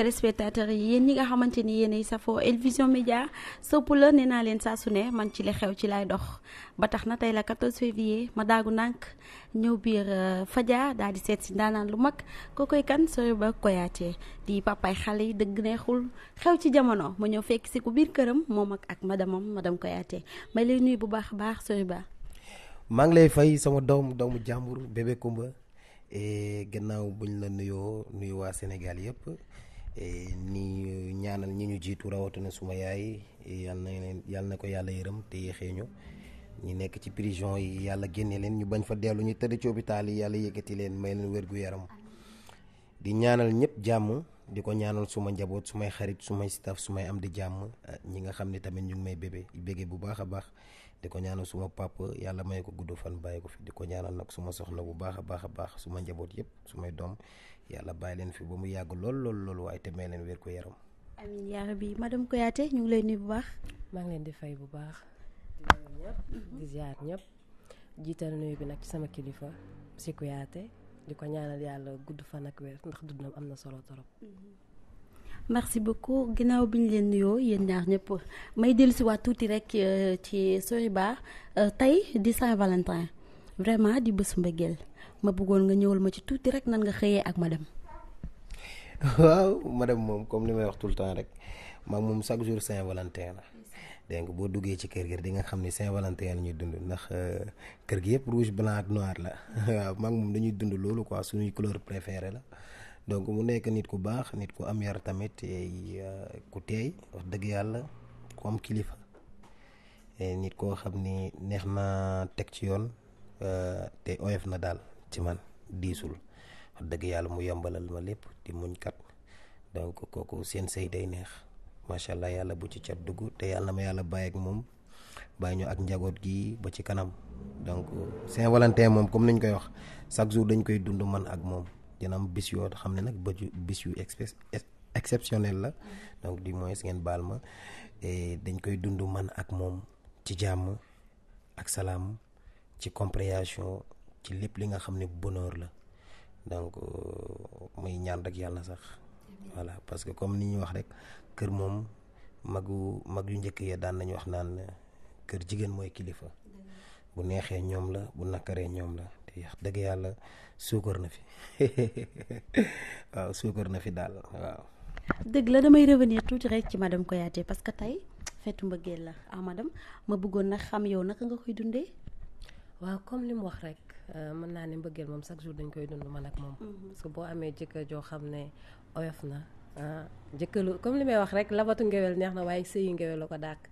téléspectateurs yi yéen ñi nga xamante ni yéenay safoo Elvision Média sëpp la nee naa leen saa su ne man ci li xew ci laay dox ba tax na tey la 14 février ma daagu nànk ñëw biir euh, Fadia daal di seet si ndaanaan lu mag ko koy kan Soriba Koyaate di papaay xale yi dëgg neexul xew ci jamono ma ñëw fekk si ku biir këram moo mag ak ma ak ma madame Koyaate may lay nuyu bu baax a baax Soriba. maa ngi lay fay sama doom doomu jàmbur bébé Kumba eh, gannaaw buñ la nuyoo nuyu waa E, ni e, ñaanal ñi ñu jiitu rawatina suma yaay e, yal na yàlla na ko yàlla yërëm te yéexee ñu ñu nekk ci prison yi yàlla génne leen ñu bañ fa dellu ñu tëdd ci hôpital yi yàlla yëkkati leen may leen wér gu yaram di ñaanal ñëpp jàmm di ko ñaanal suma njaboot sumay xarit sumay staff sumay am di jàmm ah, ñi nga xam ne tamit ñu may bébé bégee bu baax a baax di ko ñaanal suma papa yàlla may ko gudd fan bàyyi ko fi di ko ñaanal nag suma soxla bu baax a baax a baax suma njaboot yëpp sumay doom yàlla bàyyi leen fi ba mu yàgg lool lool lool waaye te may leen wér ko yaram. amiin yaa rabbi madame Kouyaté ñu ngi lay nuyu bu baax. maa ngi leen di fay bu baax. di nuyu nag ci sama kilifa si di ko ñaanal yàlla gudd fa nag wér ndax dundam am na solo torop. Mm-hmm. merci beaucoup ginnaaw bi ñu leen nuyoo yéen ñaar ñëpp may dellusiwaat tuuti rek euh, ci Soriba euh, tey di Saint-Valentin. vraiment di bëss mbëggeel ma bëggoon nga ñëwal ma ci tuuti rek nan nga xëyee ak madame waaw madame moom comme li may wax tout le temps rek maag moom chaque jour saint valentin la dégg nga boo duggee ci kër gi di nga xam ne saint valentin la ñuy dund ndax euh, kër gi yëpp rouge blanc ak noir la waaw maag moom dañuy dund loolu quoi suñuy couleur préféré la donc mu nekk nit ku baax nit ku am yar tamit euh, ku teey wax dëgg yàlla ku am kilifa nit koo xam ni neex na teg ci yoon Eh, te oef na dal ci man diisul deug yalla mu yombalal ma lepp di muñ kat donc koku sen sey day neex macha allah bu ci cat duggu te yàlla ma yalla baye ak mom bàyyi ñu ak njaboot gi ba ci kanam donc saint valentin mom comme niñ koy wax chaque jour dañ koy dund man ak mom dina am bis yo xamne nak ba bis yu exceptionnel la donc di moins ngeen bal ma dañ koy dund man ak mom ci jamm ak salam ci compréhension ci lépp li nga xam ne bonheur la donc euh, muy ñaan rek yàlla sax voilà parce que comme ni ñuy wax rek kër moom magu mag yu njëkk ya daan nañu wax naan kër jigéen mooy kilifa bu neexee ñoom la bu nakkaree ñoom la te dëgg yàlla suukar na fi waaw suukar na fi daal waaw. dëgg la damay revenir tuuti rek ci madame Koyaté parce que tey fetu mbëggeel la ah madame ma bëggoon nag xam yow naka nga koy dundee. waaw comme li mu wax rek euh, mën naa ne mbëggeel moom chaque jour dañ koy dund man ak moom. Mhm. parce boo amee jëkkër joo xam ne oyof na. ah jëkkëlu comme li may wax rek labatu ngewel neex na waaye sëyu ngewel ko dàkk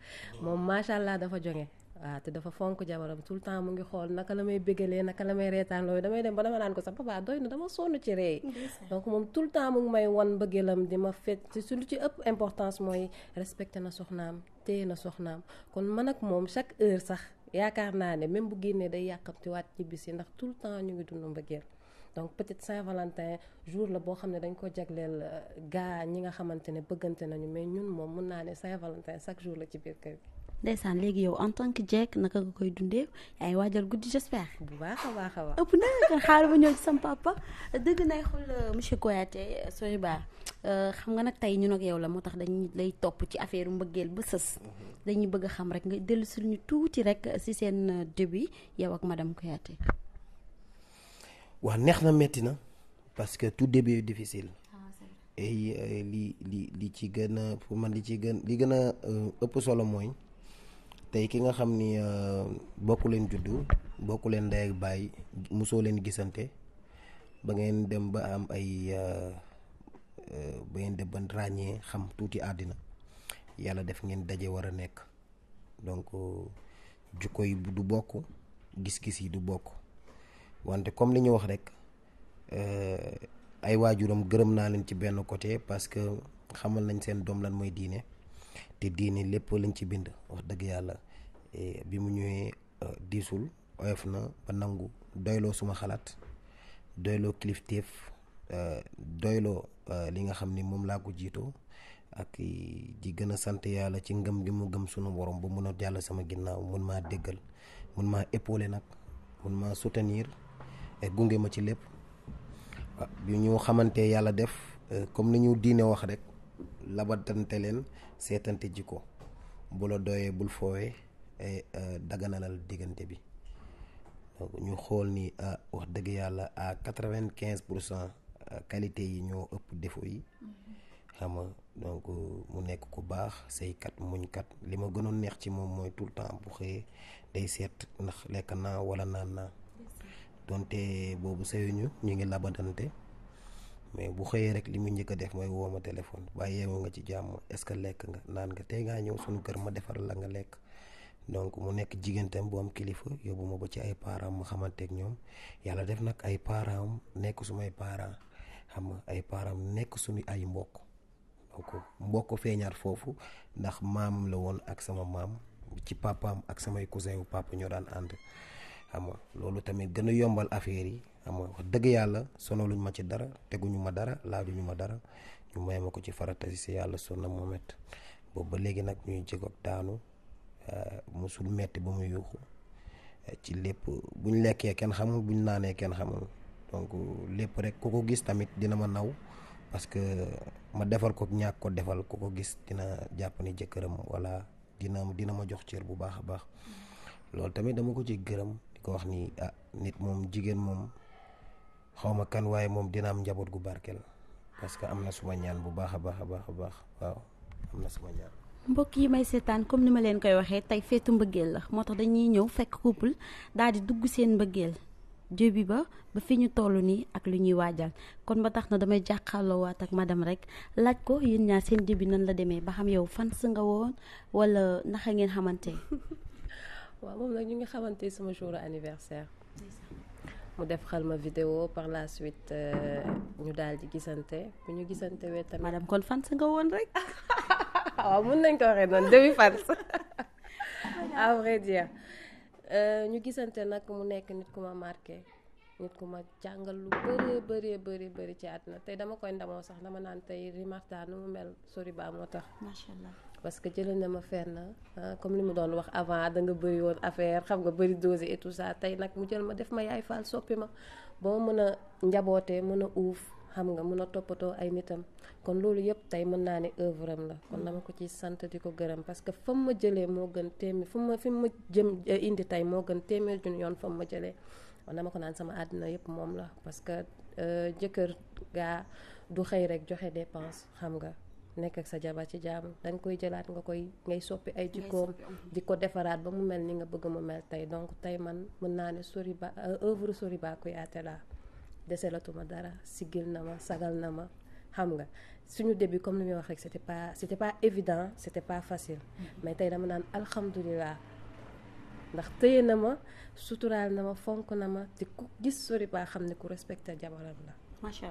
moom macha allah dafa jonge waaw te dafa fonk jabaram tout le temps mu ngi xool naka la may bégalee naka la may reetaan damay dem ba dama naan ko sax papa doy na dama sonn ci ree donc moom tout le temps mu ngi may won mbëggeelam di ma fet su lu ci ëpp importance mooy respecté na soxnaam téye na soxnaam kon man ak moom chaque heure sax. yaakaar naa ne même bu génnee day yàqamtiwaat ñibbisi ndax tout le temps ñu ngi dund mbëggeel donc peut-être Saint-Valentin jour la boo xam ne dañ ko jagleel euh, gaa ñi nga xamante ne bëggante nañu mais ñun moom mun naa ne Saint-Valentin chaque jour la ci biir kër gi ndeysaan léegi yow en tant que jekk naka nga koy dundee yaay waajal guddi j'espère bu baax a baax a baax ëpp na kon xaaral ba ñëw ci sam papa dëgg nay xool euh, monsieur Koyate euh, Soriba euh, xam nga nag tey ñun ak yow la moo tax dañuy lay topp ci affaire mbëggeel ba sës mhm. dañuy bëgg xam rek nga dellu si ñu tuuti rek si seen début yow ak madame Koyate waa neex na metti na parce que tout début est difficile ah, et li li li ci gën a pour man li ci gën li gën a ëpp solo mooy tey ki nga xam ni euh, bokk leen juddu bokk leen ndey ak baay mosoo leen gisante ba ngeen dem ba am ay euh, euh, ba ngeen dem ba ràññee xam tuuti àddina yàlla def ngeen daje war a nekk donc jukko yi du bokk gis-gis yi du bokk wante comme li ñu wax rek ay waajuram gërëm naa leen ci benn côté parce que xamal nañ seen doom lan mooy diine. te diine lépp lañ ci bind wax dëgg yàlla e, bi mu ñëwee e, diisul oyof na ba nangu doyloo suma xalaat doyloo kilifteef e, doyloo li nga xam ni moom laa ko jiitoo ak di gën a sant ci ngëm gi mu gëm sunu borom ba mun a jàll sama ginnaaw mun maa déggal mun maa épaulé nag mun maa soutenir gunge ma ci lépp bi ñu xamante yàlla def comme ni ñu diine wax rek La leen seetante jikko bu la doyee bul et euh, daganalal diggante bi donc ñu xool ni euh, wax dëgg yàlla à 95% euh, qualité yi ñoo ëpp défaut yi xam nga donc mu nekk ku baax saykat muñkat li ma gënoon neex ci moom mooy tout le temps bu xëyee day seet ndax lekk naa wala naan naa donte sayuñu ngi mais bu xëyee rek li mu njëkk def mooy woo ma téléphone waaye yeewoo nga ci jàmm est-ce que lekk nga naan nga tey ngaa ñëw suñu kër ma defar la nga lekk donc mu nekk jigéentam boo am kilifa yóbbu ma ba ci ay parents ma xamanteek ñoom yàlla def nag ay parents nekk sumay parent xam nga ay parents nekk suñu ay mbokk donc mbokk feeñaat foofu ndax maam la woon ak sama maam ci papaam ak samay cousin wu papa ñoo daan ànd xam nga loolu tamit gën a yombal affaire yi xam nga wax dëgg yàlla sonaluñ ma ci dara teguñu ma dara ñu ma dara ñu may ma ko ci farata si yàlla na Muhammad boobu ba léegi nag ñuy jéego daanu eh, musul metti ba mu yuuxu eh, ci lépp buñ lekkee kenn xamul buñ naanee kenn xamul donc lépp rek ku ko gis tamit dina ma naw parce que ma defal ko ñàkk ko defal ku ko gis dina jàpp ni jëkkëram wala dina dina ma jox cër bu baax a baax mm-hmm. loolu tamit dama ko ci gërëm di ko wax ni ah nit moom jigéen moom xawma kan waaye moom dina am njaboot gu barkel parce que am na suma ñaan bu baax a baax a baax a baax waaw am na suma ñaan mbokk yi may seetaan comme ni ma leen koy waxee tey feetu mbëggeel la moo tax dañuy ñëw fekk couple daal di dugg seen mbëggeel début ba ba fi ñu toll nii ak lu ñuy waajal kon ba tax na damay jàkkaarloowaat ak madame rek laaj ko yéen ñaar seen début nan la demee ba xam yow fan sa nga woon wala naka ngeen xamante waaw moom nag ñu ngi xamante sama jour anniversaire mu def xalma vidéo par la suite euh, ñu daal di gisante bu ñu gisante wee tamit madame kon fan nga woon rek waaw mun nañ ko waxee noonu demi fan à vrai dire euh, ñu gisante nag mu nekk nit ku ma marqué nit ku ma jàngal lu bëree bëree bëri bëri ci àdduna tey dama koy ndamoo sax dama naan tey rimarta nu mu mel sori baa moo tax macha allah parce que jëlee na ma fenn na ah, comme li mu doon wax avant da nga bëri woon affaire xam nga bëri dosé et tout tey nag mu jël ma def ma yaay faal soppi ma boo mën a njabootee mën a uuf xam nga mën a toppatoo ay nitam kon loolu yëpp tey mën naa ne œuvre am la kon dama ko ciy sant di ko gërëm parce que fa ma jëlee moo gën téeméer fu ma fi ma jëm eh, indi tey moo gën téeméer jun yoon fa ma jëlee na ma ko naan sama àddina yëpp moom la parce que euh, jëkkër gaa du xëy rek joxe dépense xam nga nek ak sa jaba ci jam dañ koy jëlaat nga koy ngay soppi ay jikkoom mhm. di ko defaraat ba mu mel ni nga bëgg mu mel tey donc tey man mën naa ne sori ba euh, œuvre sori ba koy aate laa dara sigil na ma sagal na ma xam nga suñu début comme ni muy wax rek c'était pas c'était pas évident c'était pas facile mhm. mais tey dama naan alhamdulillah ndax téye na ma suturaal na ma fonk na ma te ku gis sori ba xam ku respecté jabaram la macha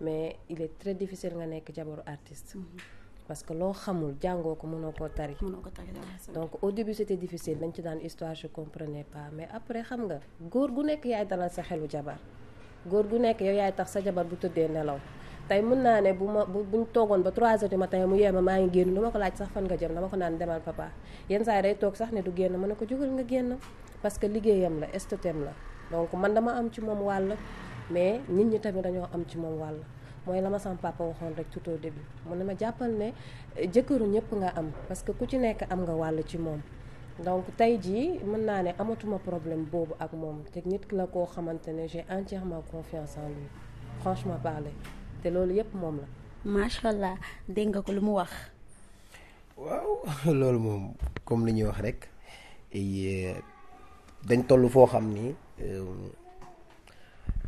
mais il est très difficile nga nek jabaru artiste parce que lo xamul jàngoo ko mënoo koo tari donc au début c'était difficile dañ ci dan histoire je comprenais pas mais après xam nga góor gu nek yaay dalal sa xelu jabar góor gu nek yow yaay tax sa jabar bu tëddee nelaw tay mën naa ne bu ma buñ toogoon ba 3 heures du matin mu yeema maa ngi génn du ko laaj sax fan nga jëm dama ko naan demal papa yenn saa day toog sax ne du génn mën na ko jógal nga génn parce que liggéeyam la esthétam la donc man dama am ci moom wàll mais nit ñi tamit dañoo am ci moom wàll mooy la ma sama papa waxoon rek tout au début mu ne ma jàppal ne eh, jëkkëru ñëpp nga am parce que ku ci nekk am nga wàll ci moom donc tey jii mën naa ne amatuma problème boobu ak moom te nit ki la koo xamante ne j'ai entièrement confiance en lui franchement parler te loolu yëpp moom la. macha allah dégg nga ko lu mu wax. waaw loolu moom comme li ñuy wax rek eh, dañ toll foo xam ni. Euh,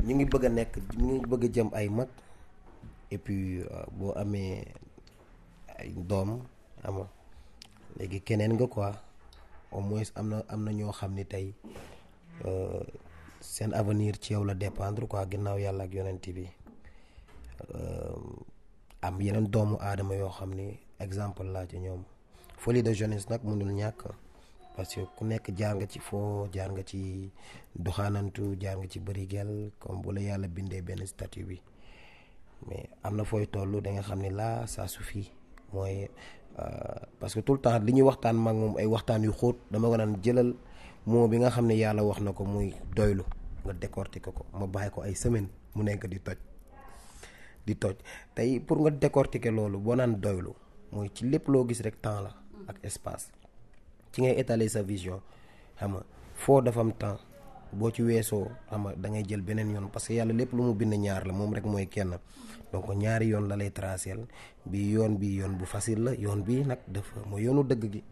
ñu ngi bëgg a nekk ñu ngi bëgg a jëm ay mag et puis euh, boo amee ay doom ama léegi keneen nga quoi au moins am na am na ñoo xam ni tey euh, seen avenir ci yow la dépendre quoi ginnaaw yàlla ak yonenti bi euh, am yeneen doomu aadama yoo xam ni exemple laa ci ñoom folie de jeunesse nag mënul ñàkk. parce que ku nekk jaar nga ci foo jaar nga ci doxaanantu jaar nga ci gel comme bu la yàlla bindee benn statut bi mais am na fooy toll da nga xam ne laa ça suffit mooy euh, parce que tout le temps li ñuy waxtaan mag moom ay waxtaan yu xóot dama ko naan jëlal moo bi nga xam ne yàlla wax na ko muy doylu nga ko ma bàyyi ko ay semaine mu nekk di toj di toj tey pour nga décortiquer loolu boo naan doylu mooy ci lépp loo gis rek temps la ak espace ci ngay étaler sa vision xam nga foo dafa temps boo ci weesoo xam dangay jël beneen yoon parce que yàlla lépp lu mu bind ñaar la moom rek mooy kenn donc ñaari yoon la lay tracé bi yoon bii yoon bu facile la yoon bii nag dafa mooy yoonu dëgg gi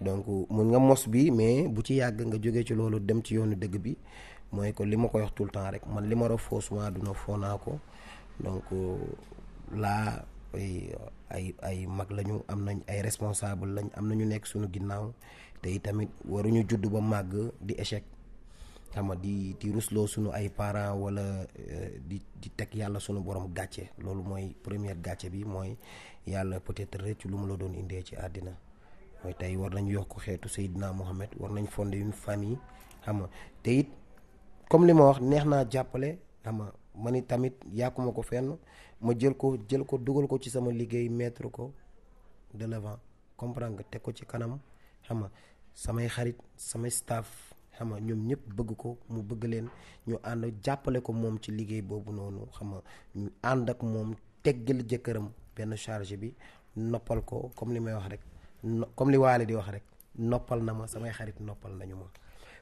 donc mun nga mos bi mais bu ci yàgg nga jóge ci loolu dem ci yoonu dëgg bi mooy ko li ma ko wax tout le temps rek man li ma rof foo souvent duna foo naa ko donc laa ay ay mag lañu am nañ ay responsable lañ am nañu nekk suñu ginnaaw te tamit waruñu juddu ba màgg di échec xam nga di di rusloo suñu ay parent wala euh, di di teg yàlla suñu borom gàcce loolu mooy première gàcce bi mooy yàlla peut-être rëcc lu mu la doon indee ci àddina mooy tey war nañ yokk xeetu Seydina Mohamed war nañ fonder une famille xam nga comme li ma wax neex naa jàppale xam ma ni tamit yàquma ko fenn ma jël ko jël ko dugal ko ci sama liggéey mettre ko de l'avant nga teg ko ci kanam xam samay xarit sama staff xam ñoom ñëpp bëgg ko mu bëgg leen ñu ànd jàppale ko moom ci liggéey boobu noonu xam nga ànd ak moom teggal jëkkëram benn charge bi noppal ko comme li may wax rek comme li waale di wax rek noppal na ma samay xarit noppal nañu ma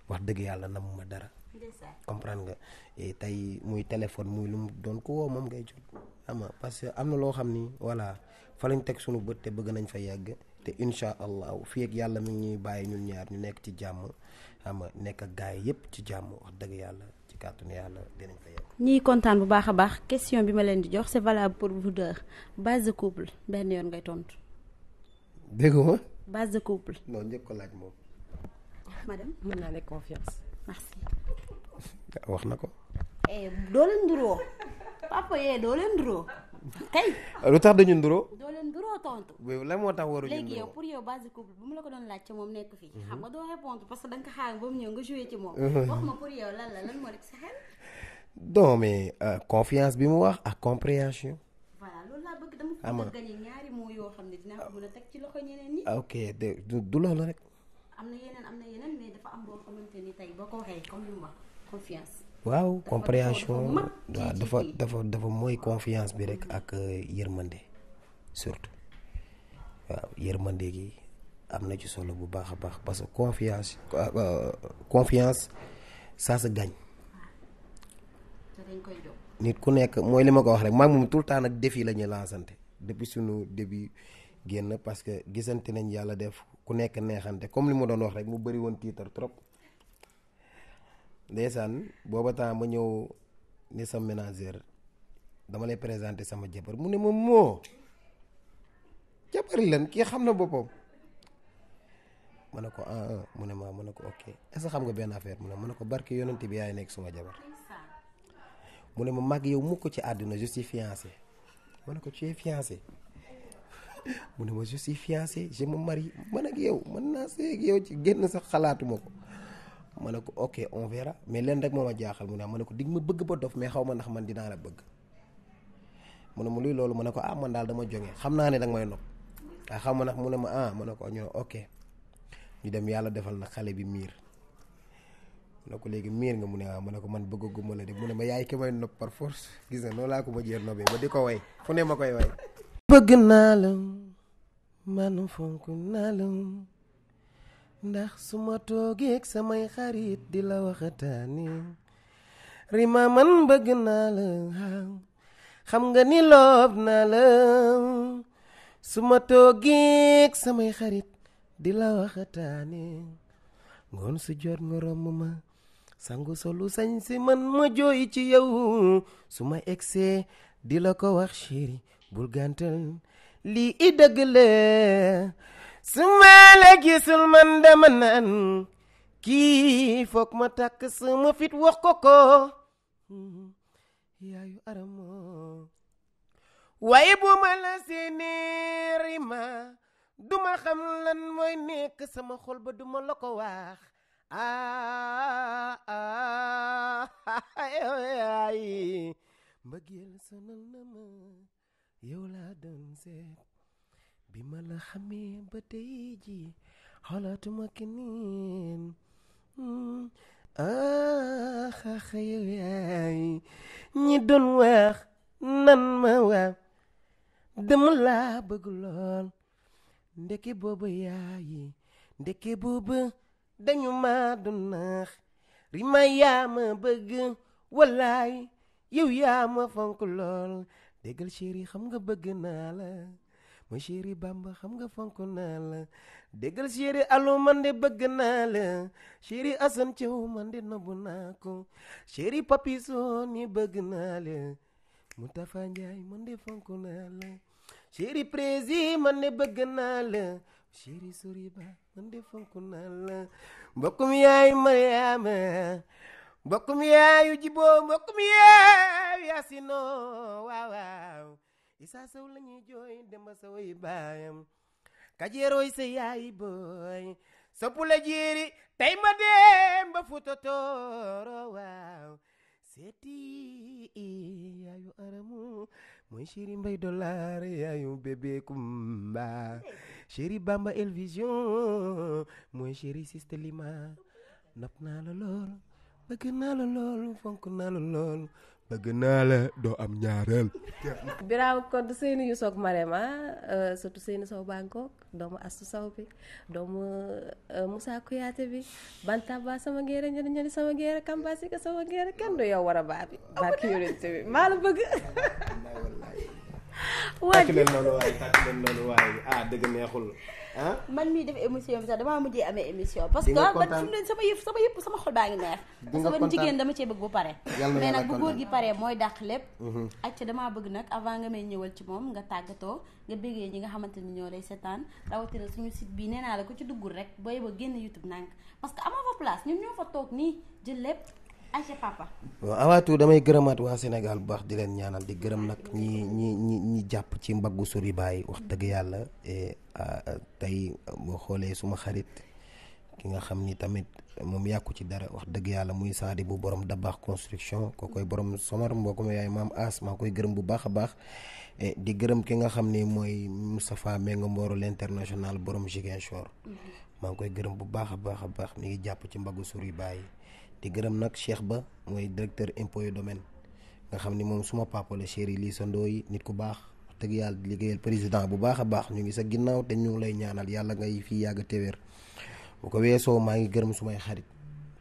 wax dëgg yàlla namu ma dara comprendre nga et tey muy téléphone muy lu mu doon ko woo moom ngay jot ama parce que am na loo ni voilà fa lañ teg te bëgg nañ fa yàgg te insha allahu fii ak yàlla mi ñuy bàyyi ñun ñaar ñu nekk ci ama nekk ak gaay yépp ci jàmm wax dëgg yàlla ci kàttanu yàlla dinañ fa bu baax a baax question bi ma leen di jox c'est valable pour vous deux base de couple benn yoon ngay tontu dégg base de couple non njëkk ko laaj moom madame mën naa confiance wax na ko. Eh, doo leen nduroo papa yee eh, doo leen nduroo kay. lu tax dañu nduroo. doo leen nduroo tontu. lan moo tax waruñu a la ko doon laaj moom nekk fii. Mhm. xam nga doo répondre parce que da nga ko xaar ba mu ñëw nga joué ci moom. Mhm. wax ma pour yow xel. non euh, confiance bi mu wax ak compréhension. voilà loolu laa bëgg dama. am na gagné ñaari mots yoo xam ne dinaa ko a teg ci loxo ñeneen ñi. Ah, ok de du loolu rek. waaw compréhension waaw dafa dafa dafa mooy confiance bi rek ak euh, yërmande surtout waaw yërmande gi am na ci solo bu baax a baax parce que confiance euh, confiance ça se nit ku nekk mooy li ma ko wax rek maag moom tout le temps nag défi la ñuy lancante depuis suñu début génn parce que gisante nañ yàlla def ku nekk neexante comme li ma doon wax rek mu bëri woon tiitar trop ndeysaan booba temps ma ñëw ni sa ménagère dama lay présenter sama jabar mu ne ma moo jabar lan kii xam na boppam ma ne ko ah, ah. mu ne ma ma ne ko ok est-ce xam nga benn affaire mu ne ma ne ko barke yonent bi yaay nekk suma jabar mu ne ma mag yow mukk ci àdduna je suis fiancé ko tu mu ne ma je suis fiancé je me marie man ak yow mën naa see ak yow ci génn sax xalaatuma ko ma ne ko ok on mais leen rek moom a jaaxal mu ne ma ne ko dig ma bëgg ba dof mais xaw ma ndax man dinaa la bëgg mu ne ma luy loolu ma ne ko ah man daal dama jógee xam naa ne danga may nopp ah xaw ma ndax mu ne ma ah ma ne ko ñu ne ok ñu dem yàlla defal na xale bi miir mu ne ko léegi mu ne ah, ma ne ko man bëggaguma la de mu ne ma yaay ki may nopp par force gis nga noonu laa ko ma jeer nobee ba di ko way fu ne ma koy way bëggnaalum man fonk naalum ndax su ma samay xarit di la waxataani rima man bëgg naa love xam nga ni loob naa samay xarit di la waxataani ngoon su jot nga romb ma sangu solu sañ si man ma jooy ci yow di la ko wax bul li lii i dëgg la su ma gisul man dama naan kii foog ma takk sama fit wax ko ko yaayu aramo waaye bu ma la seeni rima duma xam lan mooy nekk sama xol ba duma la ko wax ah ah ay ay mbëggeel sonal na yow laa doon bi ma la xamee ba tey ji xalaatuma keneen hmm, ah yow yaay ñi doon wax nan ma wax dama laa bëgg lool ndeke booba yaayi ndeke booba dañu ma doon naax rima yaa ma bëgg wallaay yow yaa ma fonk lool déggal chéri xam nga bëgg naa la ma chéri bamba xam nga fonk naa la déggal chéri allo man de bëgg naa la chéri asan thiaw man de nobbu naa ko chéri papi bëgg naa la Moustapha Ndiaye man de fonk naa la chéri man de bëgg naa la chéri ba man de fonk naa la mbokkum yaay Mariama mbokkum yeeyu jiboo mbokkum yeeyu yasinoo waaw waaw isaa sow la ñuy jooy demba sowoy baayam kajeerooy sa yaay booy soppu la jiiri tey ma dem ba futa tooro waaw seeti aramu mooy chéri mbay dollar yaayu bébé kumba chéri bamba elvision mooy chéri siste lima nopp naa la bëgg naa la loolu fonk naa la loolu bëgg naa la doo am ñaareel. Birame Codou Seyni yu soog Marema surtout Seyni Sow Bangkok doomu Astu Sow bi doomu euh, Moussa Kouyaté bi Bantaba sama ngeere ñani ñani sama ngeere Kamba sama ngeere kenn du yow war a baabi. barki yonent bi maa la bëgg. tàkk leen loolu waaye tàkk leen loolu waaye ah, dëgg neexul ah? man mii def émission bi sax damaa mujjee amee émission parce que man fi sama yëpp sama xol baa ngi neex parce que man jigéen dama cee bëgg mooy dàq lépp mhm. acca bëgg nag avant nga may ñëwal ci moom nga tàggatoo nga béggee ñi nga xamante ni ñoo lay seetaan rawatina suñu site bi nee naa la ko ci duggul rek booy ba génn YouTube nànk parce que amoo fa place ñun ñoo fa toog nii jël lépp aja ah, papa Awatu awaatu damay gëremat wa ah, Sénégal bu di len ñaanal di gërëm nak ñi ñi ñi ñi japp ci mbaggu suri bay wax dëgg et tay bo xolé suma xarit ki nga xamni ni tamit mom yakku ci dara wax dëgg yalla muy saadi bu borom bax construction ko koy borom somar mbokum yaay mam as ma koy gërëm bu baax et di gërëm ki nga xamni ni Moustapha Mengo Mboro l'international borom Jigen Chor mhm. ma koy gërëm bu baaxa baaxa baax ci mbaggu suri di gërëm nag cheikh ba mooy directeur impôt yu domaine nga xam ni moom suma papa la chéri li sa yi nit ku baax dëgg yàlla di liggéeyal président bu baax a ñu ngi sa ginnaaw te ñu lay ñaanal yàlla ngay fi yàgg téwér bu ko weesoo maa ngi gërëm sumay xarit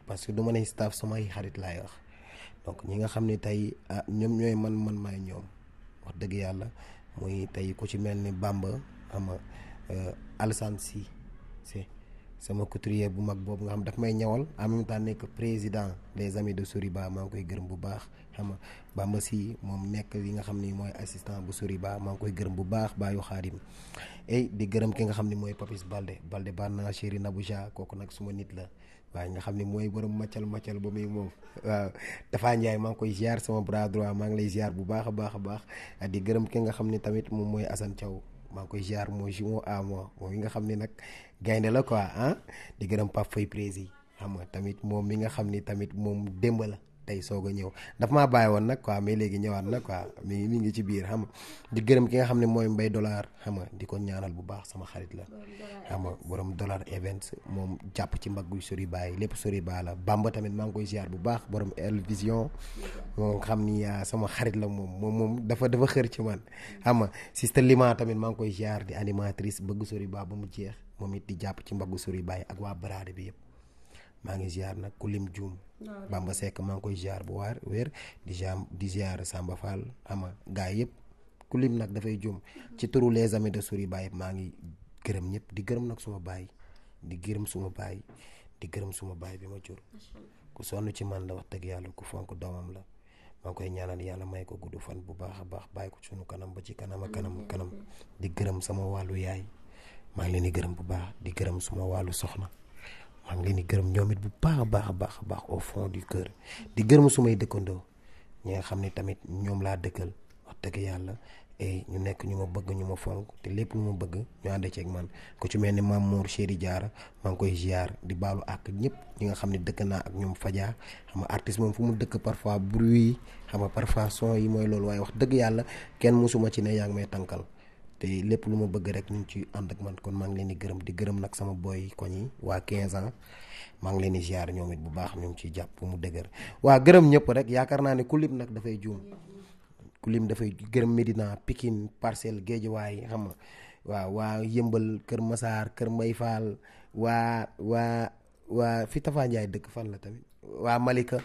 parce que duma staff sumay xarit laay wax donc ñi nga xam ne tey ah ñoom ñooy man man may ñoom wax dëgg yàlla muy tey ku ci mel ni bamba ama euh, alsan si si sama couturier bu mag bobu nga xam daf may ñewal en même temps nek président des amis de Souriba ma ngi koy gërëm bu baax xam ma si mom nek li nga xam ni mooy assistant bu Souriba ma ngi koy gërëm bu baax yu xarim ay di gërëm ki nga xam ni Papis Balde Balde baan naa chéri Nabouja koku nak suma nit la waaye nga xam ni borom maccal maccal bu muy mom waaw dafa ñay ma ngi ziar sama bras droit ma ngi lay ziar bu baax a baax baax di gërëm ki nga xam ni tamit mom moy Assane Thiaw maa ngi koy ziar mooy jumeau à moi moom mi nga xam ne nag gaynde la quoi ah di gërëm Pape Faye prési xam nga tamit moom mi nga xam ni tamit moom démb la. tey soog a ñëw daf ma baye won nak quoi mais legi ñewat na quoi mi mi ngi ci biir xam di gërëm ki nga xamne moy mbay dollar xam nga di ñaanal bu baax sama xarit la xam nga borom dollar events mom japp ci mbagguy sori baye lepp sori baa la bamba tamit maa ngi koy ziar bu baax borom el vision mo xam ni ah, sama xarit la mom mom mom dafa dafa xër ci man xam nga sister lima tamit maa ngi koy ziar di animatrice bëgg sori baa bu mu jeex momit di japp ci mbaggu sori baye ak wa baraade bi yépp maa ngi ziar nag ku lim juum bamba sekk maa ngi koy ziar bu waar wér di jam di ziar samba fall ama gaa kulim ku lim nag dafay juum ci turu les amis de souri baay maa ngi gërëm ñëpp di gërëm nag suma baay di gërëm suma baay di gërëm suma baay bi ma jur ku sonn ci man la wax dëgg yàlla ku fonk doomam la maa koy ñaanal yàlla may ko gudd fan bu baax a baax bàyyi ko sunu kanam ba ci kanam kanam kanam di gërëm sama wàllu yaay maa ngi leen di gërëm bu baax di gërëm suma wàllu soxna maa ngi leen di gërëm ñoom it bu baax a baax a baax a baax au fond du cœur di gërëm sumay dëkkandoo ñi nga xam ne tamit ñoom laa dëkkal wax dëgg yàlla et ñu nekk ñu ma bëgg ñu ma fonk te lépp lu ma bëgg ñu ànd ceeg man ko ci mel ni maam Mour Chéri Diara maa ngi koy ziar di baalu ak ñëpp ñi nga xam ne dëkk naa ak ñoom faja xam artiste moom fu mu dëkk parfois bruit xam nga parfois son yi mooy loolu waaye wax dëgg yàlla kenn musuma ci ne yaa ngi may e tànkal te lépp luma bëgg rek ñu ci and ak man kon ma ngi leen di gërëm di gërëm nak sama boy konyi ñi wa 15 ans ma ngi leen di ziar ñoomit bu baax ñu ci japp mu dëgër wa gërëm ñëpp rek yaakaar naa ne kulib lim nag dafay juum ku dafay gërëm Medina parcel Parcelles way xam nga wa waa yëmbal Kër Massar Kër Mbay wa wa wa waa fi Tafa dëkk fan la tamit wa Malika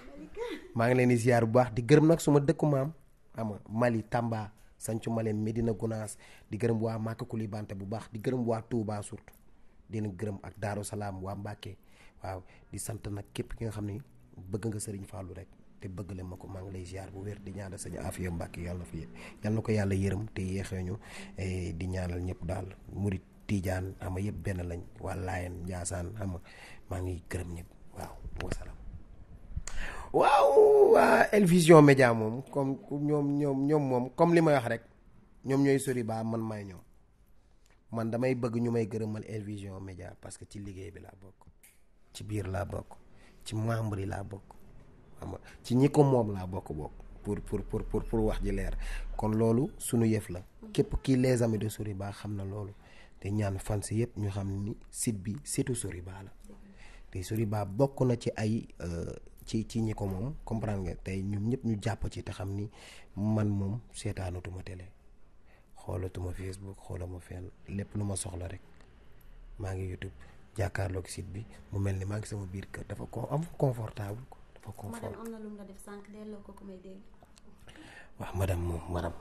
ma ngi leen di ziar bu baax di gërëm nak suma dëkku maam xam Mali Tamba sancu Malem Medina Gounass di gërëm waa Maka Koulibantè bu baax di gërëm waa Touba surtout dina gërëm ak Daaru Salaam waa Mbàkke waaw di sant nag képp ki nga xam ne bëgg nga Sëriñ Fallou rek te bëgg la ma ko maa ngi lay ziar bu wér di ñaanal sañu afiya Mbàkke yàlla na fi yàlla na ko yàlla yërëm te yéexee ñu eh, di ñaanal ñëpp daal murit Tiijaan ama yëpp benn lañ waa Laayeen Njaasaan ama maa ngi gërëm ñëpp waaw wasalaam Wow, waa El Vision Média moom comme ñoom ñoom ñoom moom comme li may wax rek ñoom ñooy sori baa man may ñoom man damay bëgg ñu may gërëmal El Vision Média parce que ci liggéey bi laa bokk ci biir laa bokk ci membre yi laa bokk xam ci ñi ko moom laa bokk bokk pour pour pour pour pour wax ji leer kon loolu sunu yëf la képp ki les amis de Soriba xam na loolu te ñaan fans yëpp ñu xam ni site bi situ Soriba la te Soriba bokk na ci ay euh, ci ci ñi ko moom comprendre nga tey ñoom ñëpp ñu jàpp ci man télé Facebook fenn lépp lu soxla rek maa ngi YouTube site bi mu ngi sama biir dafa am confortable dafa confortable am la madame madame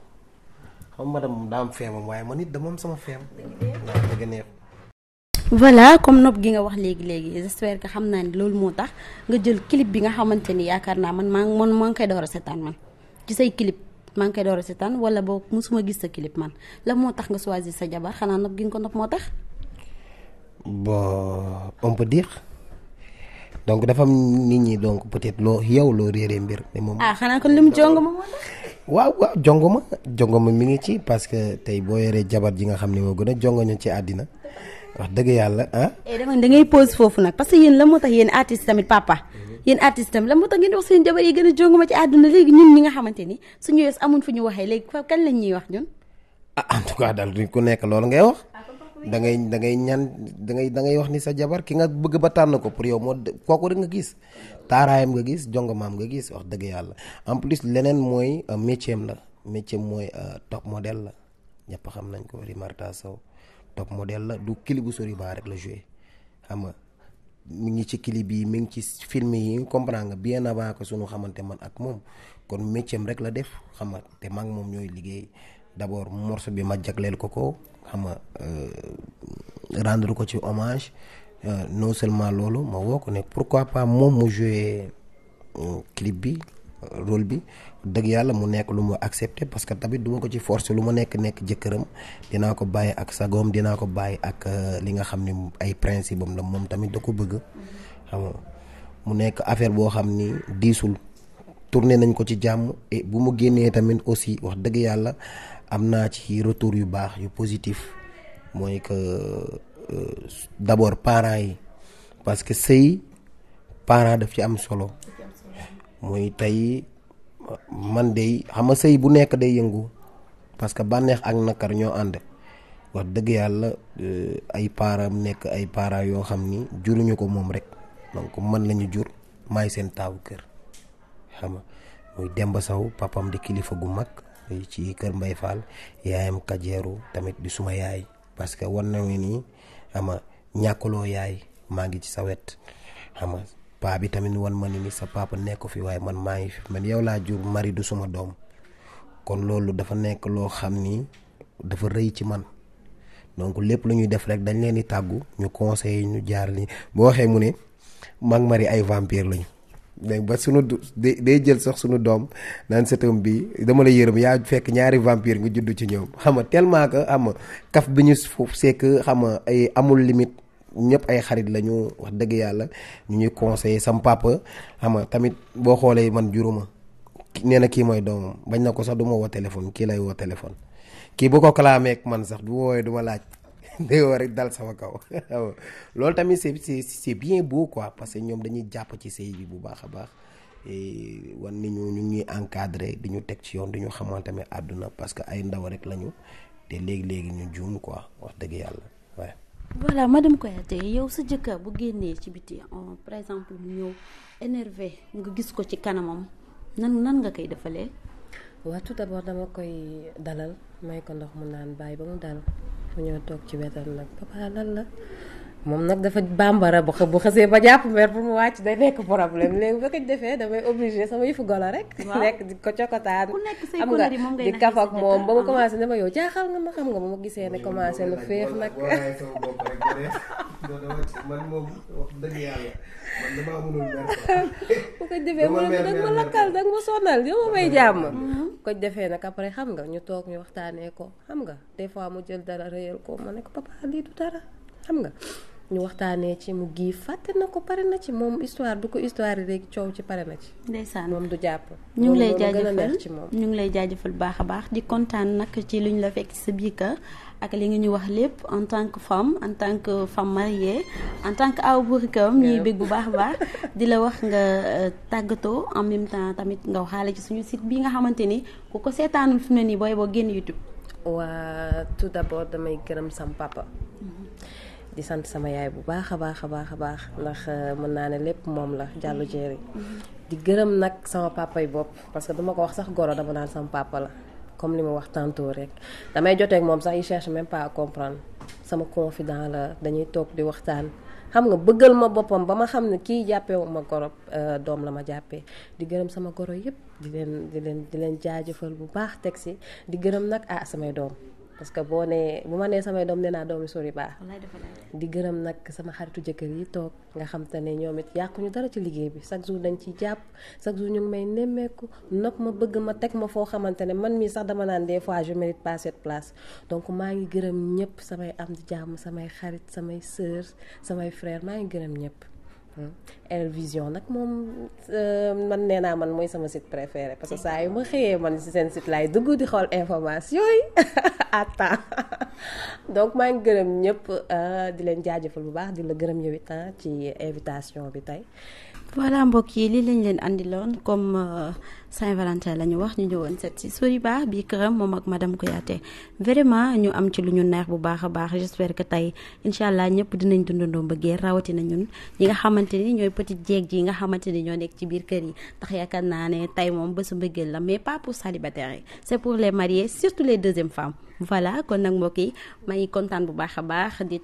xam madame am sama voilà comme nopp gi nga wax léegi léegi j'espère que xam naa ne loolu moo tax nga jël clip bi nga man man mang ngi koy door a man ci say clip maa koy wala bok musuma gis sa clip man la moo nga choisir sa jabar xanaa nopp gi nga ko nopp moo tax bon on peut dire donc dafa am nit ñi donc peut être yow mbir mais moom ah xanaa kon lim jong ma moo waaw waaw Jongo ma jong ma mi ngi ci parce que jabar ji nga xam ne jongo gën a jongoñu ci wax deug yalla ah. Eh, dama da ngay pose fofu nak parce que yeen la motax yeen artiste tamit papa. yeen artiste tamit la motax ngeen wax seen jabar yi gëna jonguma ci aduna legi ñun ñi nga xamanteni suñu yes amuñ fuñu waxe legi kan lañ ñuy wax ñun. ah en tout cas dal duñ ku nekk lool ngay wax. Ah, da ngay da ngay ñaan da ngay da ngay wax ni sa jabar ki nga bëgg ba tan ko pour yow mo koku rek nga gis tarayam nga gis jongamaam nga gis wax deug yalla en plus leneen moy euh, métier la métier moy euh, top model la ñepp xam nañ ko rimarta Marta Sow top modèle la du clip bu Soriba rek la joué xam nga ngi ci clip yi mi ngi ci film yi comprendre nga bien avant que suñu xamante man ak moom kon métier rek la def xama te mag moom ñooy liggéey d'abord morceau bi ma jagleel ko ko xam nga euh, rendre ko ci hommage euh, no seulement loolu ma woo ko ne pourquoi pas moom mu joué kilib euh, bi rôle bi deug yalla mu nek lu mu accepter parce que tabit duma ko ci force lu mu nek nek jeukeram dina ko baye ak sagom dina ko baye ak euh, li nga xamni ay principe am la moom tamit da ko beug xam nga mu nek affaire bo xamni disul tourner nañ ko ci jàmm et bu mu génnee tamit aussi wax deug yalla amna ci retour yu bax yu positif moy que euh, d'abord parents yi parce que sey parents daf ci am solo moy tay man de xam nga sëy bu nekk day yëngu parce que bànneex ak nakar ñoo ànd wax dëgg yàlla euh, ay param nekk ay para yoo xam ni juruñu ko moom rek donc man lañu jur maay seen taawu kër xam nga muy Demba Sow papam di kilifa gu mag ci kër Mbay Fall yaayam kajeeru tamit di suma yaay parce que wan na ni ama ñàkkuloo yaay maa ngi ci sa wet xam paa bi tamit wan man ma ni sa papa nekku fi waaye man maa ngi fi man yow laa jur mari du suma doom kon loolu dafa nekk loo xam ni dafa rëy ci man donc lépp lu ñuy def rek dañ leen di tàggu ñu conseil ñu jaar li boo waxee mu ne mag mari ay vampire lañu. mais ba sunu day jël sax sunu doom naan sëtam bi dama la yërëm yaa fekk ñaari vampire nga juddu ci ñoom xam nga tellement que xam nga kaf bi ñu foofu c'est que xam nga ay amul limite. ñëpp ay xarit lañu wax dëgg yàlla ñu ñuy conseiller sam papa xam tamit boo xoolee man juruma nee na kii mooy doomam bañ na ko sax du ma woo téléphone kii lay woo téléphone kii bu ko kalaameeg man sax du woowee du ma laaj day war rek dal sama kaw loolu tamit c'est c'est c'est bien beau quoi parce que ñoom dañuy jàpp ci sëy bi bu baax a baax wan ni ñu ñu ñuy encadrer di ñu teg ci yoon di ñu xamal tamit àdduna parce que ay ndaw rek lañu te léegi léegi ñu juum quoi wax dëgg yàlla waaye ma dem madame Koyate yow sa jëkkër bu génnee ci biti euh, par exemple bu ñëw énervé nga gis ko ci kanamam nan nan nga koy defalee. waaw tout d'abord dama koy dalal may ko ndox mu naan bàyyi ba mu dal mu ñëw toog ci wetam nag papa lan la moom nag dafa bambara bu xa bu xasee ba jàpp mer bu mu wàcc day nekk problème léegi bu ko defee damay obligé sama yëfu golo rek. nekk di ko cokotaan. nga di kaf ak moom ba mu commencé ne yow jaaxal nga xam nga ba ma gisee ne commencé na féex nag. man moom wax ko defee mu ne danga ma danga ma sonal yow ma may jàmm ko defee nag après xam nga ñu toog ñu waxtaanee ko xam nga des fois mu jël dara réyal ko ma ne ko papa dara xam nga ñu waxtaanee ci mu gii fàtte na ko pare na ci moom histoire bu ko histoire rek coow ci pare na ci. ndeysaan moom du jàpp. ñu ngi lay jaajëfal ñu ngi lay jaajëfal baax a baax di kontaan nag ci li ñu la fekk sa biir kër ak li nga ñu wax lépp en tant que femme en tant que femme mariée en tant que aw buur këram ñuy bég bu baax a baax di la wax nga euh, tàggatoo en même temps tamit nga waxaale ci suñu site bi nga xamante ni ku ko seetaanul fi mu ne nii booy boo génn YouTube. waa tout d'abord damay gërëm sam papa. Mm-hmm. di sant sama yaay bu baax a baax a baax a baax ndax euh, mën naa ne lépp moom la jàllu jéeri di gërëm nag sama papa yi bopp parce que duma ko wax sax goro dama naan sama papa la comme li ma wax tantôt rek damay joteeg moom sax il cherche même pas à comprendre sama confident la dañuy toog di waxtaan xam nga bëggal ma boppam ba ma xam ne kii jàppewu ma goro euh, doom la ma jàppee di gërëm sama goro yëpp di leen di leen di leen jaajëfal bu baax teg si di gërëm nag ah samay doom parce que boo nee bu ma nee samay doom nee naa doomi sori baax di gërëm nag sama xaritu jëkkër yi toog nga xam ne ñoom it yàquñu dara ci liggéey bi chaque jour dañ ciy jàpp chaque jour ñu ngi may nemmeeku nopp ma bëgg ma teg ma foo xamante ne man mii sax dama naan des fois je mérite pas place donc maa ngi gërëm ñëpp samay am di jàmm samay xarit samay sœur samay frère maa ngi gërëm ñëpp El Vision nag moom euh, man nee naa man mooy sama site préféré parce que saa yu ma xëyee man si seen sit laay dugg di xool information yi à temps donc maa ngi gërëm ñëpp euh, di leen jaajëfal bu baax di la gërëm yow ah, ci invitation bi tey voilà mbokk yi est lañ leen comme euh, Saint-Valentin la ñu wax ñu ñëwoon si ba bi këram ak madame vraiment ñu am ci lu ñu neex bu baax baax j'espère que tey incha allah ñëpp dinañ dundandoo mbëggee que ñun ñi nga xamante ni petit jeeg ji nga xamante ni ñoo ci biir kër yi ndax que la mais pas pour c'est pour les mariés surtout les deuxième femmes voilà kon nag mbokk yi bu baax di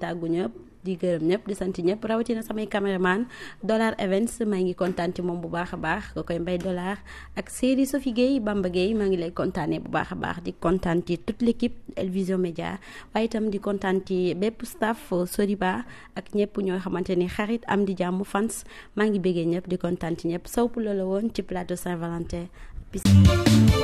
di gërëm ñëpp di sant ñëpp rawatina samay cameraman dollar events ma ngi kontaan ci moom bu baax a baax ko koy mbay dollar ak série Sophie gay Bamba gay ma ngi lay kontaanee bu baax a baax di kontaan ci toute l' équipe Elvision Média waaye itam di kontaan ci bépp staff sori ba ak ñëpp ñoo xamante ni xarit am di jàmm fans ma ngi bëggee ñëpp di kontaan ñëpp sawpu la woon ci plateau Saint-Valentin peace